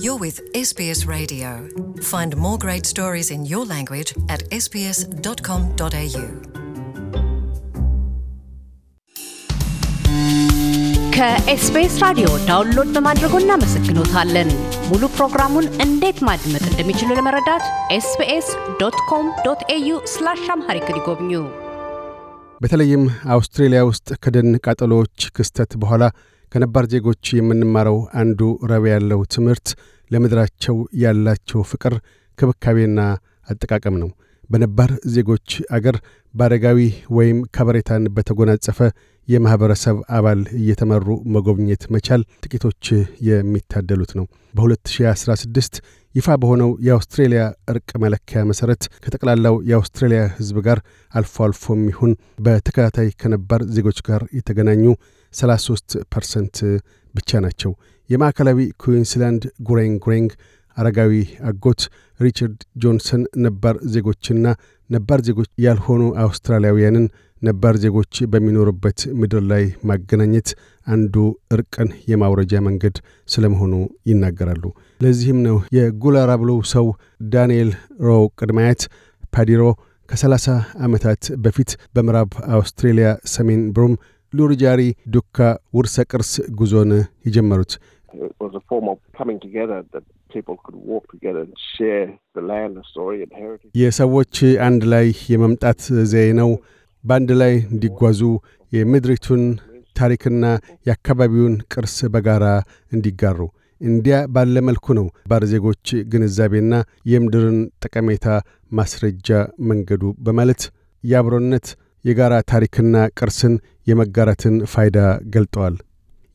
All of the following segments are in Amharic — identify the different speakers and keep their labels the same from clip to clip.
Speaker 1: You're with SBS Radio. Find more great stories in your language
Speaker 2: at sbs.com.au.
Speaker 1: ከኤስቢኤስ ራዲዮ ዳውንሎድ በማድረጎ እናመሰግኖታለን። ሙሉ ፕሮግራሙን እንዴት ማድመጥ እንደሚችሉ ለመረዳት ኤስቢኤስ ዶት ኮም ዶት ኤዩ ስላሽ አምሃሪክ ይጎብኙ።
Speaker 2: በተለይም አውስትሬሊያ ውስጥ ከደን ቃጠሎዎች ክስተት በኋላ ከነባር ዜጎች የምንማረው አንዱ ረብ ያለው ትምህርት ለምድራቸው ያላቸው ፍቅር፣ ክብካቤና አጠቃቀም ነው። በነባር ዜጎች አገር በአደጋዊ ወይም ከበሬታን በተጎናጸፈ የማኅበረሰብ አባል እየተመሩ መጎብኘት መቻል ጥቂቶች የሚታደሉት ነው። በ2016 ይፋ በሆነው የአውስትሬልያ እርቅ መለኪያ መሠረት ከጠቅላላው የአውስትሬልያ ሕዝብ ጋር አልፎ አልፎም ይሁን በተከታታይ ከነባር ዜጎች ጋር የተገናኙ 33 ፐርሰንት ብቻ ናቸው። የማዕከላዊ ኩዊንስላንድ ጉሬንግ ጉሬንግ አረጋዊ አጎት ሪቻርድ ጆንሰን ነባር ዜጎችና ነባር ዜጎች ያልሆኑ አውስትራሊያውያንን ነባር ዜጎች በሚኖሩበት ምድር ላይ ማገናኘት አንዱ እርቅን የማውረጃ መንገድ ስለመሆኑ ይናገራሉ። ለዚህም ነው የጉላራ ብሎ ሰው ዳንኤል ሮ ቅድማያት ፓዲሮ ከሰላሳ ዓመታት በፊት በምዕራብ አውስትሬልያ ሰሜን ብሩም ሉርጃሪ ዱካ ውርሰ ቅርስ ጉዞን የጀመሩት። It was a form of coming together that people could walk together and share the land, the story and heritage. የሰዎች አንድ ላይ የመምጣት ዘዬ ነው። በአንድ ላይ እንዲጓዙ የምድሪቱን ታሪክና የአካባቢውን ቅርስ በጋራ እንዲጋሩ እንዲያ ባለ መልኩ ነው ባር ዜጎች ግንዛቤና የምድርን ጠቀሜታ ማስረጃ መንገዱ በማለት የአብሮነት የጋራ ታሪክና ቅርስን የመጋራትን ፋይዳ ገልጠዋል።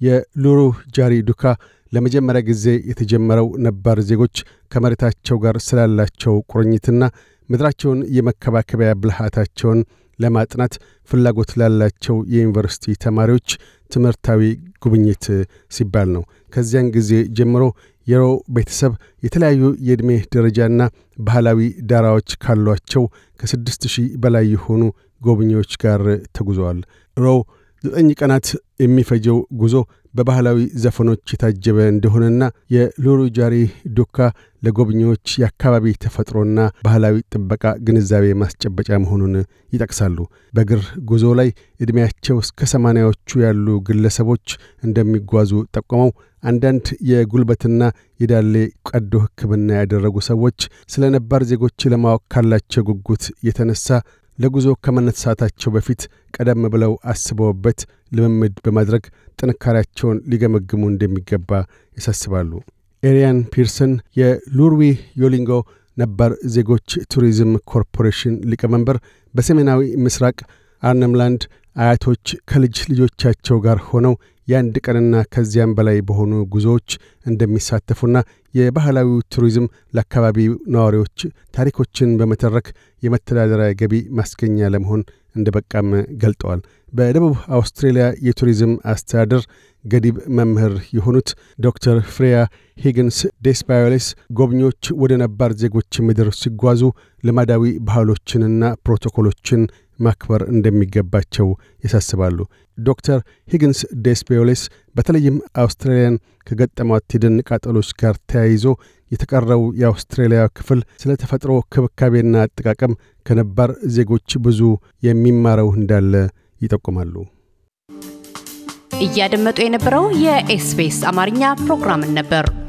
Speaker 2: የሉሩ ጃሪ ዱካ ለመጀመሪያ ጊዜ የተጀመረው ነባር ዜጎች ከመሬታቸው ጋር ስላላቸው ቁርኝትና ምድራቸውን የመከባከቢያ ብልሃታቸውን ለማጥናት ፍላጎት ላላቸው የዩኒቨርስቲ ተማሪዎች ትምህርታዊ ጉብኝት ሲባል ነው። ከዚያን ጊዜ ጀምሮ የሮ ቤተሰብ የተለያዩ የዕድሜ ደረጃና ባህላዊ ዳራዎች ካሏቸው ከስድስት ሺህ በላይ የሆኑ ጎብኚዎች ጋር ተጉዘዋል። ሮው ዘጠኝ ቀናት የሚፈጀው ጉዞ በባህላዊ ዘፈኖች የታጀበ እንደሆነና የሎሩ ዱካ ለጎብኚዎች የአካባቢ ተፈጥሮና ባህላዊ ጥበቃ ግንዛቤ ማስጨበጫ መሆኑን ይጠቅሳሉ። በእግር ጉዞ ላይ ዕድሜያቸው እስከ ሰማንያዎቹ ያሉ ግለሰቦች እንደሚጓዙ ጠቁመው አንዳንድ የጉልበትና የዳሌ ቀዶ ሕክምና ያደረጉ ሰዎች ስለ ነባር ዜጎች ለማወቅ ካላቸው ጉጉት የተነሳ ለጉዞ ከመነሳታቸው በፊት ቀደም ብለው አስበውበት ልምምድ በማድረግ ጥንካሬያቸውን ሊገመግሙ እንደሚገባ ያሳስባሉ። ኤሪያን ፒርሰን የሉርዊ ዮሊንጎ ነባር ዜጎች ቱሪዝም ኮርፖሬሽን ሊቀመንበር፣ በሰሜናዊ ምስራቅ አርነምላንድ አያቶች ከልጅ ልጆቻቸው ጋር ሆነው የአንድ ቀንና ከዚያም በላይ በሆኑ ጉዞዎች እንደሚሳተፉና የባህላዊ ቱሪዝም ለአካባቢው ነዋሪዎች ታሪኮችን በመተረክ የመተዳደሪያ ገቢ ማስገኛ ለመሆን እንደበቃም ገልጠዋል። በደቡብ አውስትሬልያ የቱሪዝም አስተዳደር ገዲብ መምህር የሆኑት ዶክተር ፍሬያ ሂግንስ ዴስባዮሌስ ጎብኚዎች ወደ ነባር ዜጎች ምድር ሲጓዙ ልማዳዊ ባህሎችንና ፕሮቶኮሎችን ማክበር እንደሚገባቸው ያሳስባሉ። ዶክተር ሂግንስ ዴስፔዮሌስ በተለይም አውስትራሊያን ከገጠሟት የደን ቃጠሎች ጋር ተያይዞ የተቀረው የአውስትራሊያ ክፍል ስለ ተፈጥሮ ክብካቤና አጠቃቀም ከነባር ዜጎች ብዙ የሚማረው እንዳለ ይጠቁማሉ።
Speaker 1: እያደመጡ የነበረው የኤስፔስ አማርኛ ፕሮግራምን ነበር።